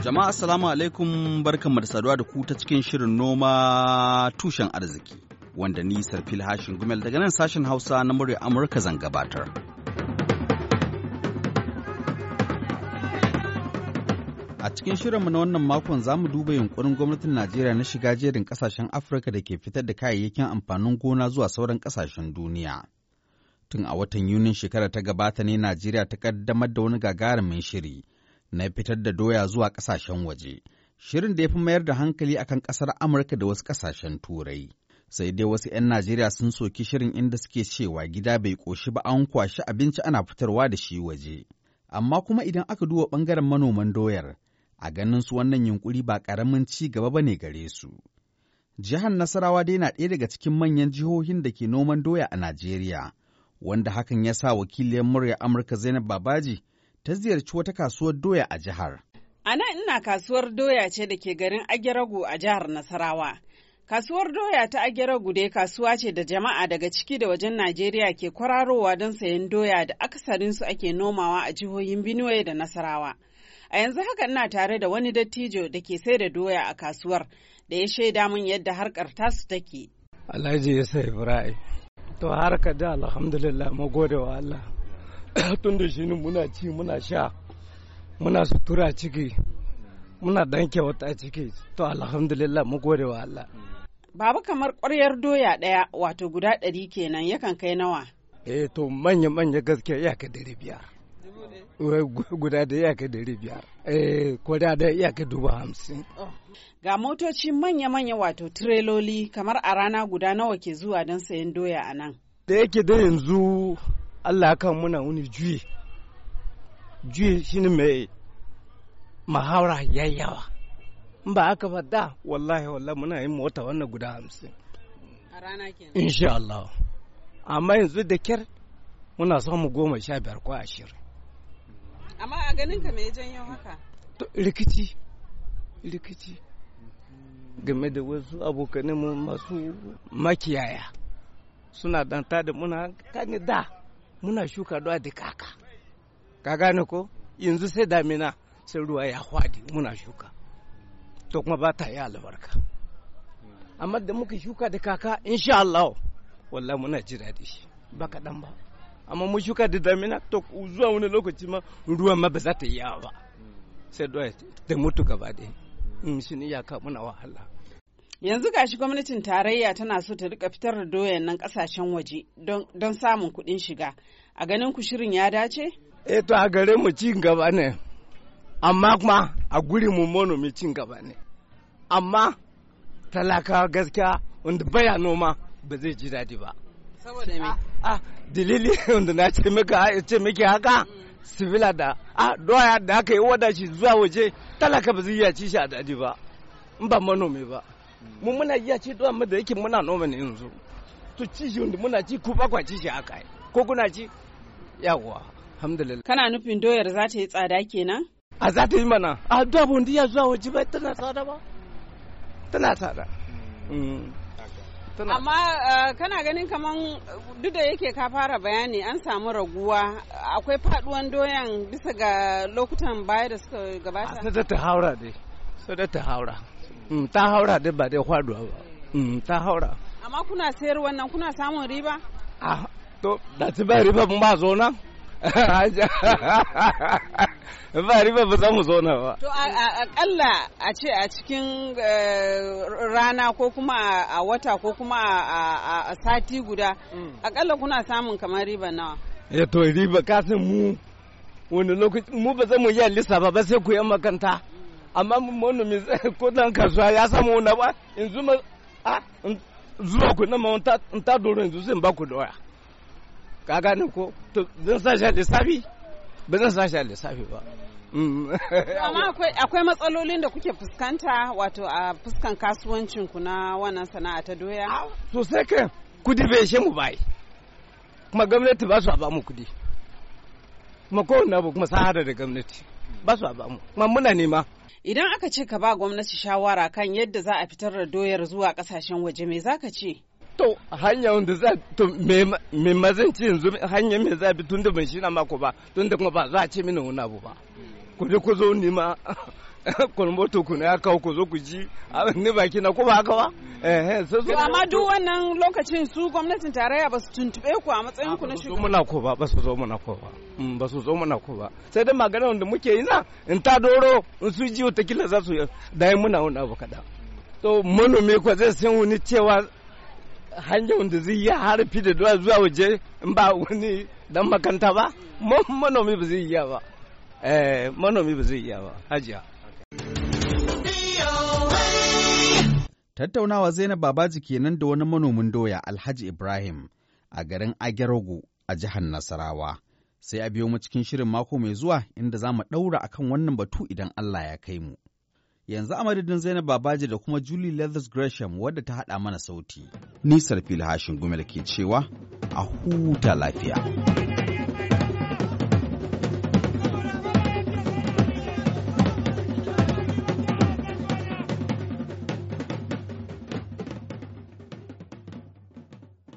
Jama'a assalamu alaikum barkanmu da saduwa da ku ta cikin shirin noma tushen arziki wanda ni Sarfil Hashin Gumel daga nan sashen Hausa na murya Amurka zan gabatar. A cikin shirinmu na wannan makon za mu duba yunkurin gwamnatin Najeriya na shiga jerin kasashen Afirka da ke fitar da kayayyakin amfanin gona zuwa sauran kasashen duniya. Tun a watan Yunin shekara ta gabata ne Najeriya ta ƙaddamar da wani gagarumin shiri. na fitar da doya zuwa ƙasashen waje, shirin da ya fi mayar da hankali akan ƙasar Amurka da wasu ƙasashen Turai. Sai dai wasu 'yan Najeriya sun soki shirin inda suke cewa gida bai ƙoshi ba an kwashi abinci ana fitarwa da shi waje. Amma kuma idan aka duba bangaren manoman doyar, a ganin su wannan yunkuri ba ƙaramin ci gaba ba ne gare su. Jihar Nasarawa dai na ɗaya daga cikin manyan jihohin da ke noman doya a Najeriya, wanda hakan ya sa wakiliyar murya Amurka Zainab Babaji ta ziyarci wata kasuwar doya a jihar. A nan ina kasuwar doya ce da ke garin Ageragu a jihar Nasarawa. Kasuwar doya ta Ageragu dai kasuwa ce da jama'a daga ciki da wajen Najeriya ke kwararowa don sayen doya da akasarinsu ake nomawa a jihohin Benue da Nasarawa. A yanzu haka ina tare da wani dattijo da ke sai da doya a kasuwar da ya shaida min yadda harkar tasu take. Alhaji Yusuf Ibrahim. To harkar da alhamdulillah mu gode wa Allah. tun da shi muna ci muna sha muna sutura ciki muna dan kyauta ciki to alhamdulillah mu gode wa Allah babu kamar ƙwaryar doya ɗaya wato guda ɗari kenan yakan kai nawa eh to manya manya gaske ya ka dari biyar guda da ya ka dari biyar eh guda da ya ka dubu hamsin ga motoci manya manya wato tireloli kamar a rana guda nawa ke zuwa don sayan doya a nan da yake da yanzu Allah kan muna wani juye juye shine mai mahaura yayyawa in ba aka ba da wallahi wallahi muna yin mota wannan guda hamsin a rana kenan insha Allah amma yanzu da kyar muna samu goma sha biyar ko ashirin amma a ganin ka me janyo haka rikici rikici game da wasu abokanin masu makiyaya suna danta da muna kani da muna shuka doya da kaka ka gane ko yanzu sai damina sai ruwa ya hwadi muna shuka to kuma ba ta yi albarka amma da muka shuka da kaka insha Allah wallahi muna ji daɗi shi ba kaɗan ba amma mu shuka da damina to zuwa wani lokaci ma ruwan ma ba za ta yi yawa ba sai doya ta mutu gaba ɗaya mm, shi ne iyaka muna wahala Yanzu gashi gwamnatin tarayya tana so ta rika fitar da doyan nan kasashen waje don samun kuɗin shiga. A ganin ku shirin ya dace? E, to a gare mu ci gaba ne. Amma kuma a guri mu manomi cin gaba ne. Amma talaka gaskiya wanda baya noma ba zai ji daɗi ba. Saboda me? Ah, dalili wanda na ce maka ce miki haka. Sibila da a doya da aka yi wada shi zuwa waje talaka ba zai iya ci shi a daɗi ba. In ba manomi ba. mu muna iya ci to amma da yake muna noma ne yanzu to ci shi wanda muna ci ku bakwa ci shi haka ko kuna ci yawa alhamdulillah kana nufin doyar za ta yi tsada kenan a za ta yi mana a da bundi ya zuwa waje ba tana tsada ba tana tsada mm. amma eh, kana ganin kaman eh, duk da yake ka fara bayani an samu raguwa akwai faduwan doyan bisa ga lokutan baya da suka gabata sai ta haura dai sai ta haura Mm, ta haura dai ba dai kwaduwa ba mm, ta haura amma kuna sayar wannan kuna samun riba a ah, to da ci ba riba mun ba zo nan ba riba ba mu zo nan ba to akalla a ce a cikin eh, rana ko kuma a wata ko kuma a sati guda mm. akalla kuna samun kamar riba nawa ya eh, to riba kasin mu wani lokaci mu ba za mu a lissa ba ba sai ku yi makanta amma manomi ko dan kasuwa ya samu wani ba in zuma a zuwa ku na ma in ta doro yanzu zai ba ku da waya ka gane ko to zan sa shi a lissafi ba zan sa shi a lissafi ba mm. amma akwai matsalolin da kuke fuskanta wato a fuskan kasuwancin ku na wannan sana'a ta doya sosai kan kudi bai shi mu bai kuma gwamnati ba su a ba mu kudi kuma kowanne abu kuma sahara da gwamnati ba su ba mu muna nema idan aka ce ka ba gwamnati shawara kan yadda za a fitar da doyar zuwa kasashen waje me zaka ce to hanya wanda za to me mazanci yanzu hanya me za bi tunda ban shi na mako ba tunda kuma ba za a ce mini wani abu ba ku je ku zo nima kwalmbo tukuna ya kawo ku zo ku ji abin ne baki na ko ba haka ba eh so so amma duk wannan lokacin su gwamnatin tarayya ba su tuntube ku a matsayin ku na shugaba muna ko ba ba su zo muna ko ba mm, ba su zo muna ko ba sai dai magana wanda muke yi na in ta doro in su ji wata kila za su dai muna wani abu kada to manomi ko zai san wani cewa hanyar wanda zai yi harfi da duwa zuwa waje in ba wani dan makanta ba manomi ba zai iya ba eh manomi ba zai iya ba hajiya Tattaunawa Zainab Babaji kenan da wani manomin doya Alhaji Ibrahim a garin Agerogo a jihar Nasarawa. Sai a biyo mu cikin shirin mako mai zuwa inda za mu ɗaura a kan wannan batu idan Allah ya kai mu. Yanzu a madadin Zainab Babaji da kuma Julie Leathers Gresham wadda ta haɗa mana sauti. Nisar filhashin gumel ke cewa a huta lafiya.